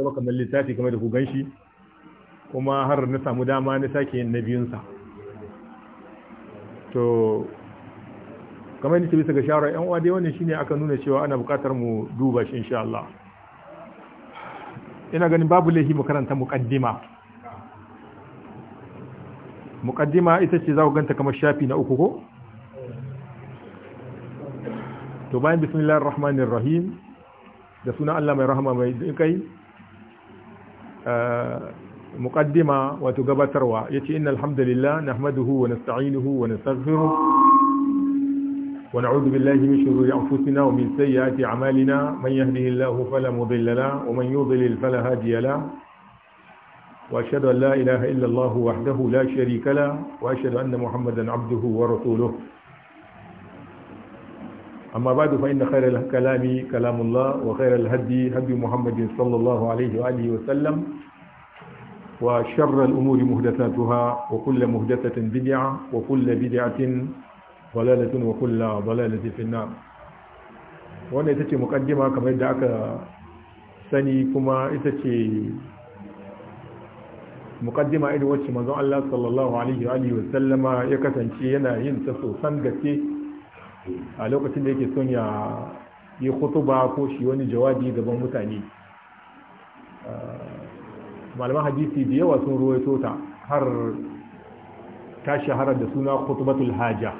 zama kamar littafi kamar da ku ganshi kuma har na samu dama na sake yin na biyunsa to kamar yadda bisa ga shawarar yan uwa dai wannan shine aka nuna cewa ana buƙatar mu duba shi insha Allah ina ganin babu laifi mu karanta muqaddima muqaddima ita ce za ku ganta kamar shafi na uku ko to bayan bismillahir rahmanir rahim da sunan Allah mai rahama mai kai muqaddima wato gabatarwa yace innal hamdalillah nahmaduhu wa nasta'inuhu wa nastaghfiruh wa na'udhu billahi min shururi anfusina wa min sayyiati a'malina man yahdihillahu fala mudilla lahu wa man yudlil fala hadiya lahu wa ashhadu la ilaha illa Allah wahdahu la sharika wa ashhadu anna Muhammadan 'abduhu wa rasuluhu أما بعد فإن خير الكلام كلام الله وخير الهدي هدي محمد صلى الله عليه وآله وسلم وشر الأمور مهدثاتها وكل مهدثة بدعة وكل بدعة ضلالة وكل ضلالة في النار وانا itace mukaddima kamar yadda aka sani kuma ita ce mukaddima irin wacce manzon Allah sallallahu alaihi wa alihi ya kasance yana yin sosan gaske a lokacin da yake son ya yi khutuba ko shi wani jawabi gaban mutane ah, malaman hadisi da yawa sun ruwaito ta har ta shahara da suna khutubatul haja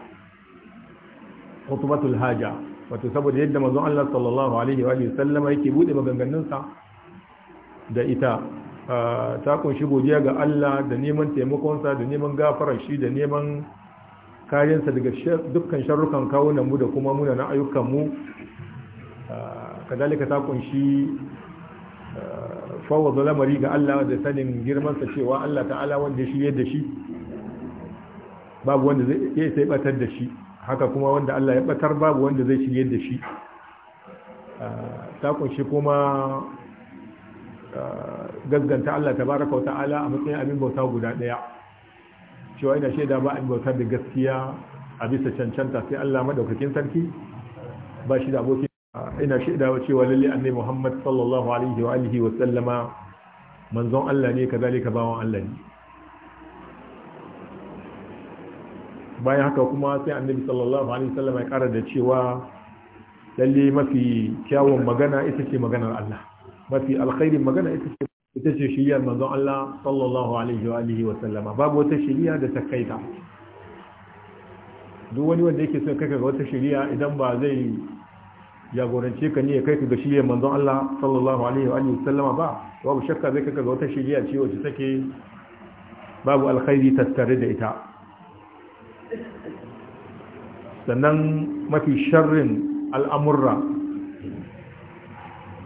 khutubatul haja wato saboda yadda manzon Allah sallallahu alaihi wa sallama yake bude maganganunsa da ita ah, ta kunshi godiya ga Allah da neman taimakonsa da neman gafaran shi da neman kayansa daga dukkan sharrukan kawunan mu da kuma munanan ayyukan mu kadalika ta kunshi fawwa lamari ga Allah da sanin girmansa cewa Allah ta'ala wanda shi yadda shi babu wanda zai sai batar da shi haka kuma wanda Allah ya batar babu wanda zai shi da shi ta kunshi kuma gazganta Allah tabaraka wa ta'ala a matsayin abin bauta guda ɗaya. cewa ina shaida ba an bauta da gaskiya a bisa cancanta sai Allah madaukakin sarki ba shi da aboki ina shaida ba cewa lalle annabi Muhammad sallallahu alaihi wa alihi wa sallama manzon Allah ne kazalika bawan Allah ne bayan haka kuma sai annabi sallallahu alaihi wa sallama ya kara da cewa lalle mafi kyawun magana ita ce maganar Allah mafi alkhairin magana ita ce ita ce shiriyar manzon Allah sallallahu alaihi wa babu wata shiriya da ta kaita duk wani wanda yake son kai ga wata shiriya idan ba zai jagorance ka ne ya kai ka ga shiriyar manzon Allah sallallahu alaihi wa ba babu shakka zai kai ga wata shiriya ce wacce take babu alkhairi tattare da ita sannan mafi sharrin al'amurra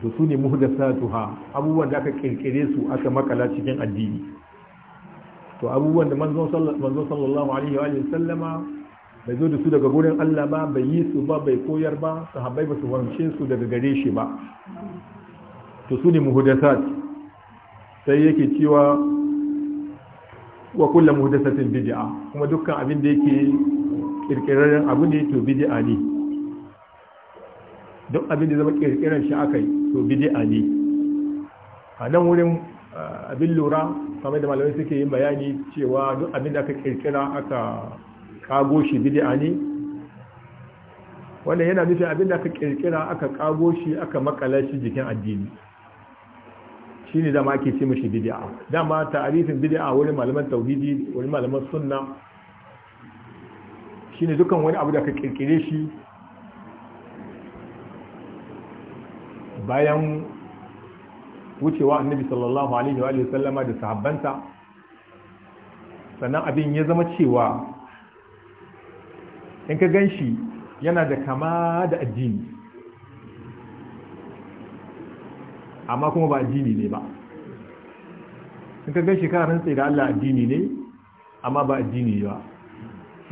to su ne muhdathatuha abubuwan da aka kirkire su aka makala cikin addini to abubuwan da manzon sallallahu alaihi wa sallama bai zo da su daga gurin Allah ba bai yi su ba bai koyar ba sahabbai ba su wance su daga gare shi ba to su ne muhdathat sai yake cewa wa kullu muhdathatin bid'a kuma dukkan abin da yake kirkirarren abu ne to bid'a ne duk abin da zama kirkirar shi aka yi to bidi'a ne a nan wurin abin lura kamar da malamai suke yin bayani cewa duk abin da aka kirkira aka kago shi bid'a ne wannan yana nufin abin da aka kirkira aka kago shi aka makala shi jikin addini shi ne dama ake ce mashi bidi'a dama ta'arifin bidi'a wurin malaman tauhidi wurin malaman sunna ne dukan wani abu da aka kirkire shi bayan wucewa annabi sallallahu alaihi wa sallama da sahabbanta, sannan abin ya zama cewa in ka ganshi yana da kama da addini amma kuma ba addini ne ba in ka ganshi kana rantsa da Allah addini ne amma ba addini ne ba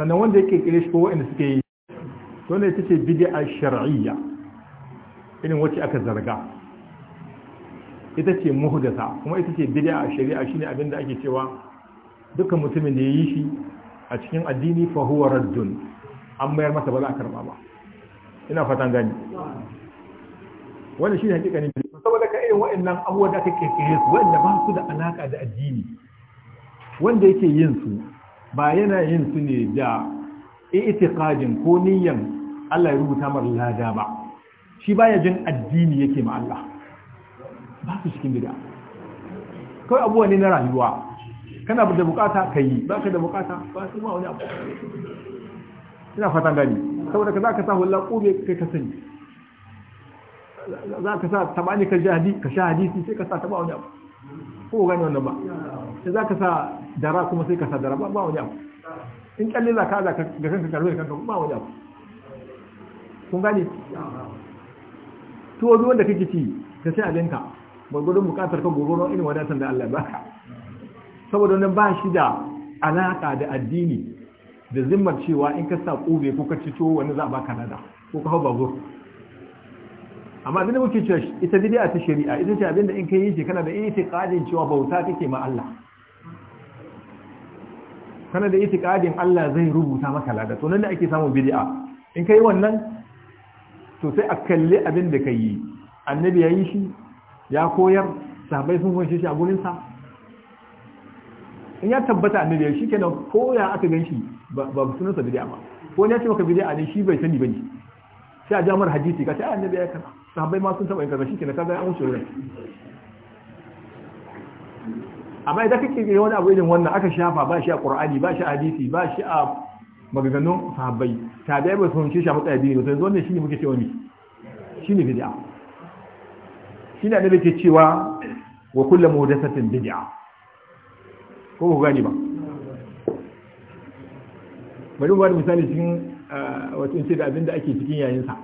sannan wanda yake kire shi ko wanda suke yi to ne ta ce bid'a shar'iyya irin wacce aka zarga ita ce muhdasa kuma ita ce bid'a a shari'a shine abin da ake cewa dukkan mutumin da yayi shi a cikin addini fa huwa raddun an mayar masa ba za a karba ba ina fatan gani wannan shine hakikanin saboda ka irin wa'annan abubuwa da kake kirkire su wanda ba su da alaka da addini wanda yake yin su ba yana yin su ne da i'tiqadin ko niyyan Allah ya rubuta mar lada ba shi baya jin addini yake ma Allah ba su cikin bid'a kai abuwa ne na rayuwa kana da bukata ka yi ba ka da bukata ba su ma wani abu ina fatan gani saboda ka za ka sa hula kube kai ka sani za ka sa tabani ka sha hadisi sai ka sa taba wani abu ko gani wannan ba sai za ka sa dara kuma sai ka sa dara ba wani abu in kyalle za ka ga kanka karbe kanka ba wani abu kun gani tuwo duk wanda kake ci ka sai abinka gwargwadon bukatar ka gwargwadon irin wadatar da Allah baka saboda wannan ba shi da alaka da addini da zimmar cewa in ka sa kube ko ka cito wani za a baka nada ko ka hau babur amma abin da muke cewa ita a ta shari'a ita ce abin da in ka yi shi kana da itiqadin cewa bauta kake ma Allah kana da itiqadin Allah zai rubuta maka lada to nan da ake samun bid'a in kai wannan to sai a kalli abin da ka yi annabi ya yi shi ya koyar sahabai sun kwanci shi a gurinsa in ya tabbata annabi ya shi kenan ko ya aka gan shi ba sunansa bidiya ba ko ya ce maka bidiya ne shi bai sani bane sai a jamar hadisi ka sai annabi ya kaza sahabai ma sun taba yin kaza shikenan kaga an wuce wurin amma idan kake yi wani abu irin wannan aka shafa ba shi a ƙur'ani ba shi a hadisi ba shi a maganganun sahabbai tabi'ai ba su ce shi a biyu addini zuwa ne shi ne muke cewa ne. ni shine Shi shine annabi ke cewa wa kullu muhdathatin bid'a ko ku gani ba bari ba da misali cikin eh, wato in ce da abin da ake cikin yayin sa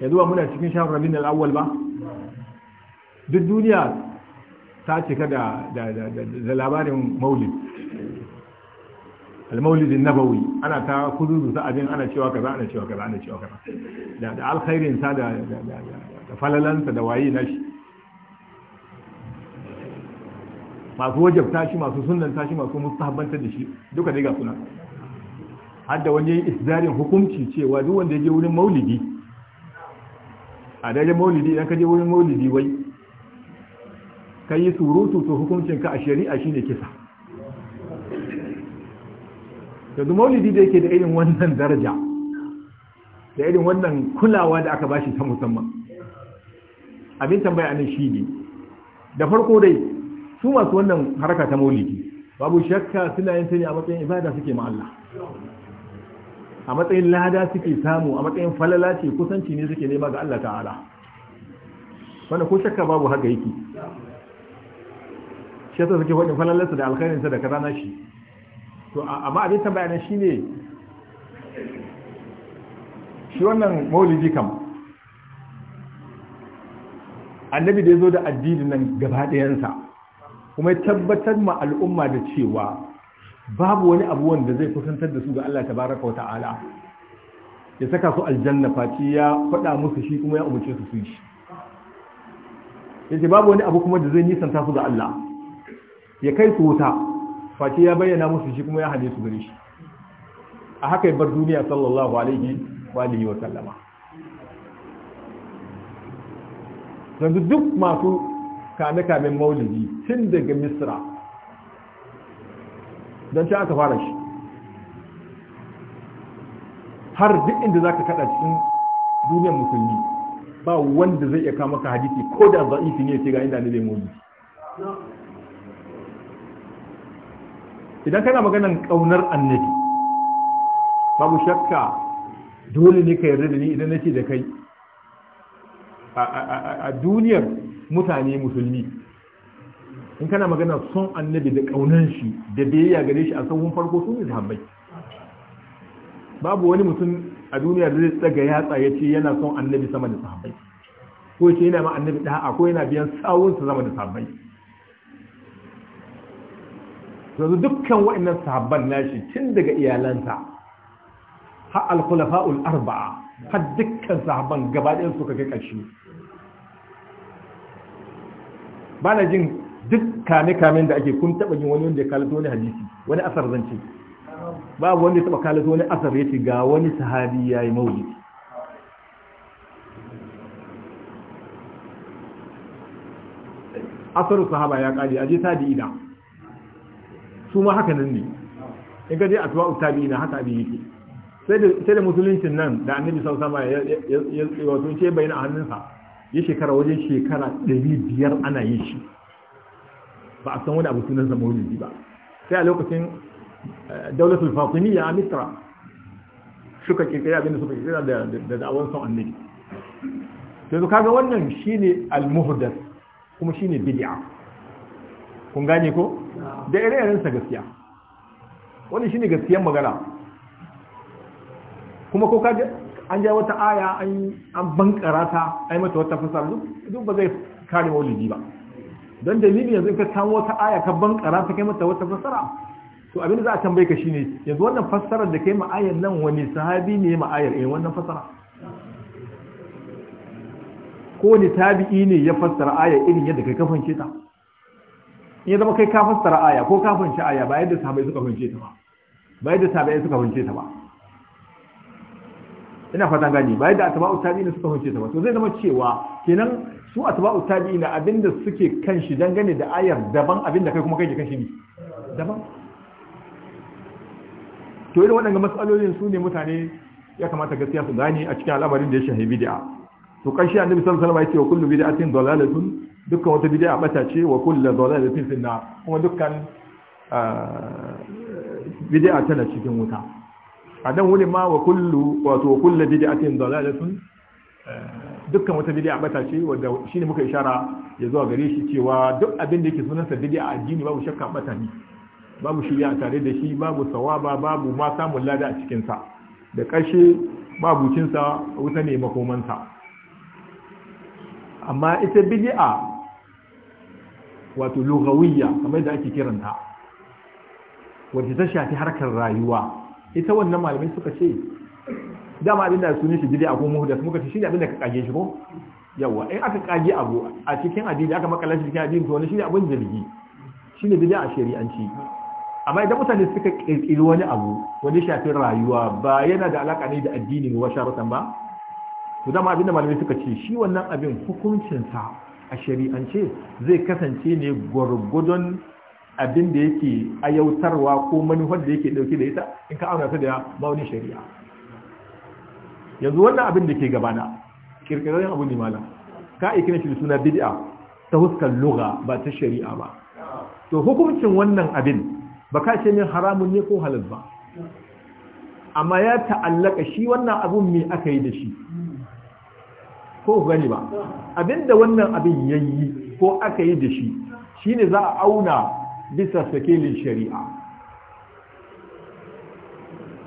yanzu ba muna cikin shafin rabin al-awwal ba duk duniya ta cika da da labarin maulid almaulidin nabawi ana ta kuzuzu sa abin ana cewa kaza ana cewa kaza ana cewa kaza da da alkhairin sa da da sa da waye na shi masu wajabta shi masu sunnan ta shi masu mustahabbantar da shi duka dai ga suna har da wani isdarin hukunci cewa duk wanda ya je wurin maulidi a daidai maulidi idan ka je wurin maulidi wai ka yi surutu to hukuncin ka a shari'a shine kisa yanzu maulidi da yake da irin wannan daraja da irin wannan kulawa da aka bashi ta musamman abin tambaya nan shi ne da farko dai su masu wannan haraka ta maulidi babu shakka suna yin ne a matsayin ibada suke ma Allah a matsayin lada suke samu a matsayin falala ce kusanci ne suke nema ga Allah ta'ala wanda ko shakka babu haka yake shi yasa suke faɗin falalarsa da alkhairinsa da kaza na shi to amma abin tambaya shi ne. shi wannan maulidi kam annabi da ya zo da addinin nan gaba kuma ya tabbatar ma al'umma da cewa babu wani abu wanda zai kusantar da su ga Allah tabaraka wata'ala ya saka su aljanna faci ya faɗa musu shi kuma ya umarce su su ya ce babu wani abu kuma da zai nisanta su ga Allah ya kai su wuta face ya bayyana musu shi kuma ya hade su gare shi a haka bar duniya sallallahu alaihi wa alihi wa sallama yanzu duk masu kame kame maulidi tun daga misra don ta aka fara shi har duk inda zaka ka kada cikin duniyar musulmi ba wanda zai iya kama ka hadisi ko da za'ifi ne ce ga inda ne bai maulidi idan kana maganan kaunar annabi babu shakka dole ne ka yarda da ni idan nace da kai a duniyar mutane musulmi in kana magana son annabi da kaunan shi da biyayya gare shi a sahun farko su ne zahabai. babu wani mutum a duniya da zai yatsa ya ce yana son annabi sama da sahabbai ko ce yana ma annabi ha'a ko yana biyan sawunsa sama da sahabbai yanzu dukkan wa'annan sahabban nashi tun daga iyalansa ha al-khulafa'ul arba'a ha dukkan sahabban gaba ɗayan suka kai ƙarshe ba na jin duk kame-kamen da ake kun taɓa yin wani wanda ya kalata wani hadisi wani asar zance ba wanda ya taɓa kalata wani asar ya ce ga wani sahabi ya yi maulidi asarin sahaba ya ƙari aje ta da su ma haka nan ne in ka je a tuwa ustabi na haka abin yake sai da musuluncin nan da annabi sau sama ya wato ce bayan a hannunsa ya shekara wajen shekara ɗari biyar ana yin shi ba a san wani abu sunan sa ba sai a lokacin eh, daulatul a misra suka kirkira abinda suka kirkira da da'awar son annabi sai su kaga wannan shine al-muhdath kuma shine bid'a kun gane ko da ire-iren sa gaskiya wani shine gaskiyar magana kuma ko kaga an ja wata aya an an bankara ta ai mata wata fasara duk ba zai kare maulidi ba don dalili yanzu in ka samu wata aya ka bankara ta kai mata wata fasara to abin da za a tambaye ka shine yanzu wannan fassarar da kai ma'ayar nan wani sahabi ne ma'ayar eh wannan fassara ko ni tabi'i ne ya fassara ayar irin yadda kai kafance ta in ya zama kai ka fassara aya ko ka fahimci aya ba yadda sahabbai suka fahimce ta ba ba yadda sahabbai suka fahimce ta ba ina fatan gani ba yadda atba'u tabi'ina suka fahimce ta ba to zai zama cewa kenan su atba'u tabi'ina abinda suke kan shi dangane da ayar daban abinda kai kuma kai ke kan shi ne daban to irin waɗanga matsalolin su ne mutane ya kamata gaskiya su gane a cikin al'amarin da ya shahi bid'a to kashi annabi sallallahu alaihi wasallam ya ce wa kullu bid'atin dalalatun dukkan wata bid'a bata ce wa zaune da fi nar kuma dukkan ah, bid'a tana cikin wuta a dan wuni ma wa kullu wato wa zaune da sun dukkan wata a bata ce shi ne muka ishara ya zuwa gare shi cewa duk abin da yake sunansa sa a addini babu shakka bata ne babu shirya tare da shi babu sawaba babu ma samun lada a cikinsa. da ƙarshe cinsa wuta ne makomansa amma ita bidi'a. wato lugawiyya kamar da ake kiranta wacce ta shafi harkar rayuwa ita wannan malamai suka ce dama abin da ne shi a ko su, muka ce shine abin da ka kage shi ko yawa in aka kage abu a cikin addini aka makalla shi cikin addini to wani shine abin shi ne bid'a a shari'anci amma idan mutane suka kirkiri wani abu wani shafin rayuwa ba yana da alaka ne da addini ba sharatan ba to dama abin da malamai suka ce shi wannan abin hukuncinsa a shari'ance zai kasance ne gwargwadon abin da yake ayautarwa ko manufar da yake dauke da ita in ka auna ta da mauni shari'a yanzu wannan abin da ke gabana kirkirarren abu ne mala ka aiki na shi suna bid'a ta huskar luga ba ta shari'a ba to hukuncin wannan abin ba ka ce min haramun ne ko halal ba amma ya ta'allaka shi wannan abun me aka yi da shi ko gani ba abinda wannan abin yayi ko aka yi da shi shine za a auna bisa sakelin shari'a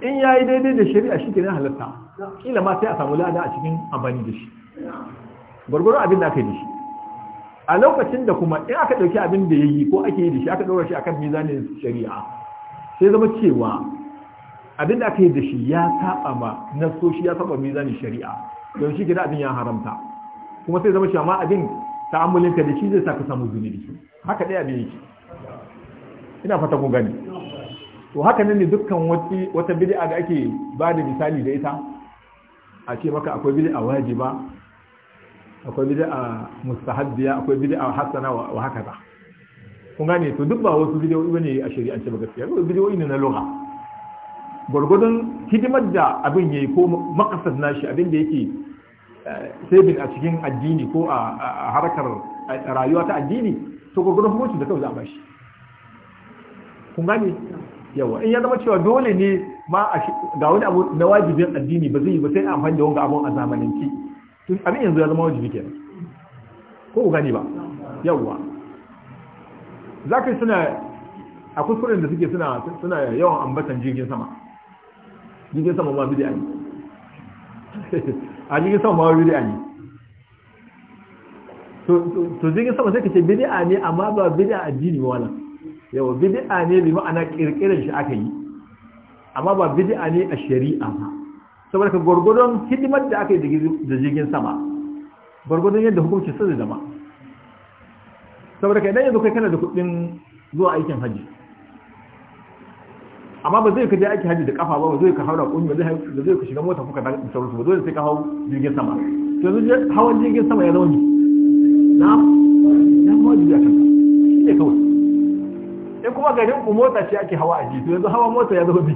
in yayi daidai da shari'a shi kenan halatta kila ma sai a samu lada a cikin amfani da shi gwargwaron abin da aka yi da shi a lokacin da kuma in aka ɗauki abin da yayi ko ake yi da shi aka ɗaura shi akan mizanin shari'a sai zama cewa abin da aka yi da shi ya saba ma nasoshi ya saba mizanin shari'a don shi gida abin ya haramta kuma sai zama shi amma abin ta'ammulinka da shi zai sa ka samu zunubi haka ɗaya abin yake ina fata ku gani to haka ne dukkan wata bid'a da ake ba da misali da ita a ce maka akwai bid'a wajiba akwai bid'a mustahabbiya akwai bid'a hasana wa haka ba kun gane to duk ba wasu bidiyoyi bane a shari'ance ba gaskiya ba bidiyoyi ne na lugha gwargwadon hidimar da abin yayi ko makasar nashi abin da yake saving a cikin addini ko a harkar rayuwa ta addini to gurgurun hukuncin da kawai za a bashi kun gani? yawa in ya zama cewa dole ne ma ga wani abu na wajibin addini ba zai yi ba sai amfani da wanga abun a zamananci abin yanzu ya zama wajibi kenan ko ku gani ba yawa za ka suna a kuskuren da suke suna suna yawan ambatan jirgin sama jirgin sama ma bidiya ne a jirgin sama ma bidi'a ne to jirgin sama sai ka ce bidi'a ne amma ba bidi'a addini ba wannan yawa bidi'a ne bi ma'ana kirkirar shi aka yi amma ba bidi'a ne a shari'a ba saboda ka gwargwadon hidimar da aka yi da jirgin sama gwargwadon yadda hukunci sun zama saboda ka idan yanzu kai kana da kuɗin zuwa aikin hajji amma ba zai ka je aiki haji da kafa ba ba zai ka haura zai ba zai ka shiga mota kuka da sauransu ba zai sai ka hau jirgin sama to yanzu hawan jirgin sama ya zama ni na na ma duniya kanka shi ne kawai in kuma garin ku mota ce ake hawa a ji to yanzu hawa mota ya zama bi.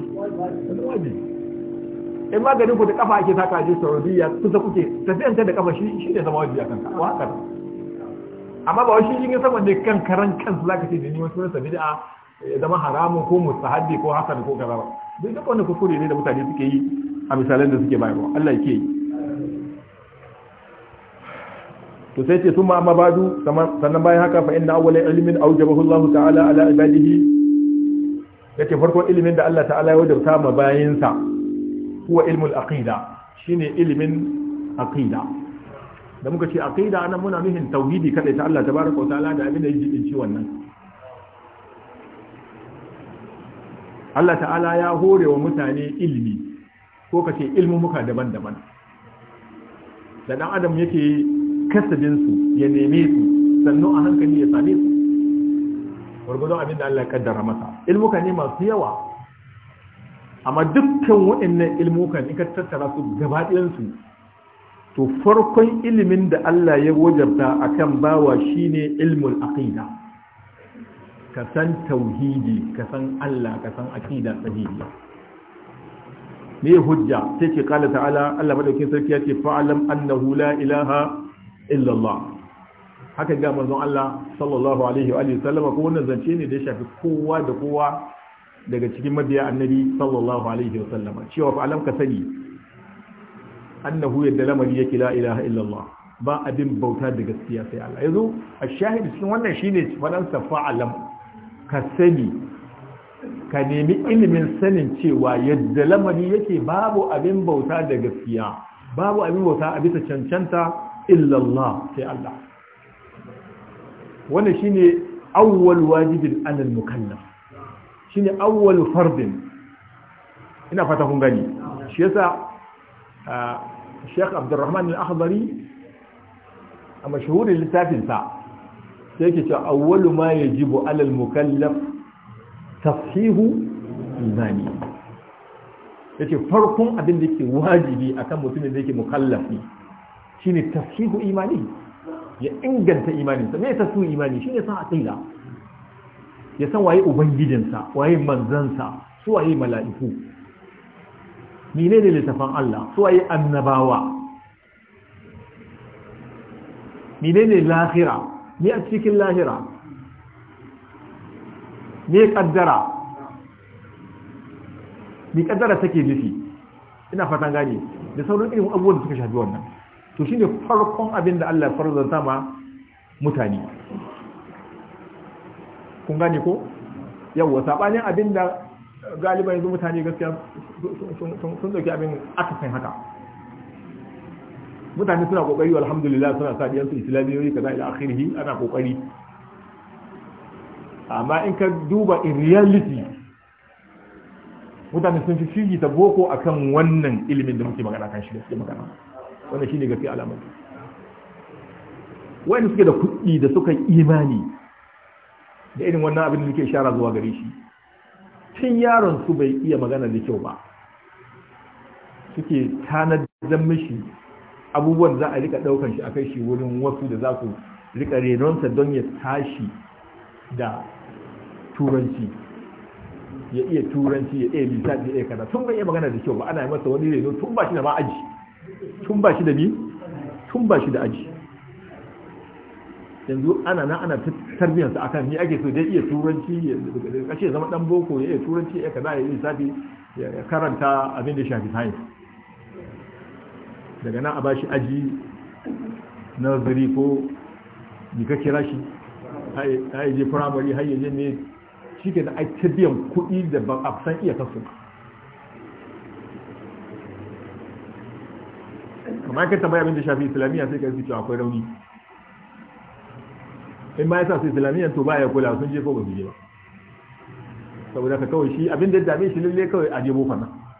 in ma garin ku da kafa ake saka ji ji ya kusa kuke tafiyan ta da kafa shi ne zama wajibi a kanka ko haka amma ba wai shi jirgin sama ne kan karan kansu zaka ce da ni wasu wani sabida a ya zama haramun ko mustahabbi ko hasan ko gaba. ba duk duk wanda kuskure ne da mutane suke yi a misalan da suke bayarwa Allah yake yi to sai ce sun ma amma badu sannan bayan haka fa inna awwala ilmin awjabahu Allah ta'ala ala ibadihi yake farkon ilimin da Allah ta'ala ya wajabta ma bayinsa huwa ilmul aqida shine ilimin aqida da muka ce aqida anan muna nuhin tauhidi kada ta Allah tabaraka wa ta'ala da abin da yake cikin wannan Allah ta'ala ya hore wa mutane ilimi ko ka ce ilmumuka daban-daban da ɗan adam yake kasabinsu ya neme su sannu a hankali ya same su gwargwadon abin da Allah ya kaddara masa ilmuka ne masu yawa amma dukkan waɗannan ilmukan in ka tattara su gabaɗayansu to farkon ilimin da Allah ya wajabta akan bawa shine ilmul aqida ka san tauhidi ka san Allah ka san aqida sahihiya me hujja sai ce kala ta'ala Allah madaukin sarki ya ce fa'alam annahu la ilaha illa Allah haka ga manzon Allah sallallahu alaihi wa sallam, ko wannan zance ne da ya shafi kowa da kowa daga cikin mabiya annabi sallallahu alaihi wa sallam. cewa fa'alam ka sani annahu yadda lamari yake la ilaha illa Allah ba abin bauta da gaskiya sai Allah yanzu a shahid cikin wannan shine fadan sa fa'alam ka sani ka nemi ilimin sanin cewa yadda lamari yake babu abin bauta da gaskiya babu abin bauta a bisa cancanta illallah sai Allah wannan shine awwal wajibin alal mukallaf shine awwal fardin ina fata kun gani shi yasa ah, Sheikh Abdulrahman Al-Akhdari a littafin littafinsa sai ke ce awwalu ma yajibu alal mukallaf tafhihu imani yace farkon abin da yake wajibi akan mutumin da yake mukallafi shine tafhihu imani ya inganta imaninsa me ya tafhihu imani shine san aqida ya san waye ubangijinsa waye manzansa su waye mala'iku menene littafin Allah su waye annabawa menene lahira Ni a cikin lahira ne kaddara ne kaddara take nufi ina fatan gane da sauran irin abubuwan da suka shafi wannan to shine farkon abin da Allah ya farzanta ma mutane kun gane ko yawa sabanin abin da galiba yanzu mutane gaskiya sun dauki abin akasin haka mutane suna kokari alhamdulillah suna sa diyansu islamiyoyi kaza ila akhirih ana kokari amma in ka duba in reality mutane sun fi shigi ta boko akan wannan ilimin da muke magana kan shi da suke magana wannan shine gafi alamar wani suke da kuɗi da suka imani da irin wannan abin da muke shara zuwa gare shi tun yaron su bai iya magana da kyau ba suke da mishi abubuwan za a rika daukan shi a kai shi wurin wasu da za ku rika renonsa don ya tashi da turanci ya iya turanci ya iya lissafi ya iya kada. tun bai iya magana da kyau ba ana yi masa wani reno tun ba shi da ma aji tun ba shi da bi tun ba shi da aji yanzu ana na ana tarbiyyarsa kan ni ake so dai iya turanci ya kashe zama dan boko ya iya turanci ya kada ya lissafi ya karanta abin da shafi science daga nan a ba shi aji nazari ko yi ka kira shi a je firamari har yaje ne shi ke da ake biyan kuɗi da ba a san iya kasu kamar kai tambaya abin da shafi islamiyya sai ka yi cewa akwai rauni in ma sa su islamiyya to ba ya kula sun je ko ba su je ba saboda ka kawai shi abin da dame shi lalle kawai a je bofa nan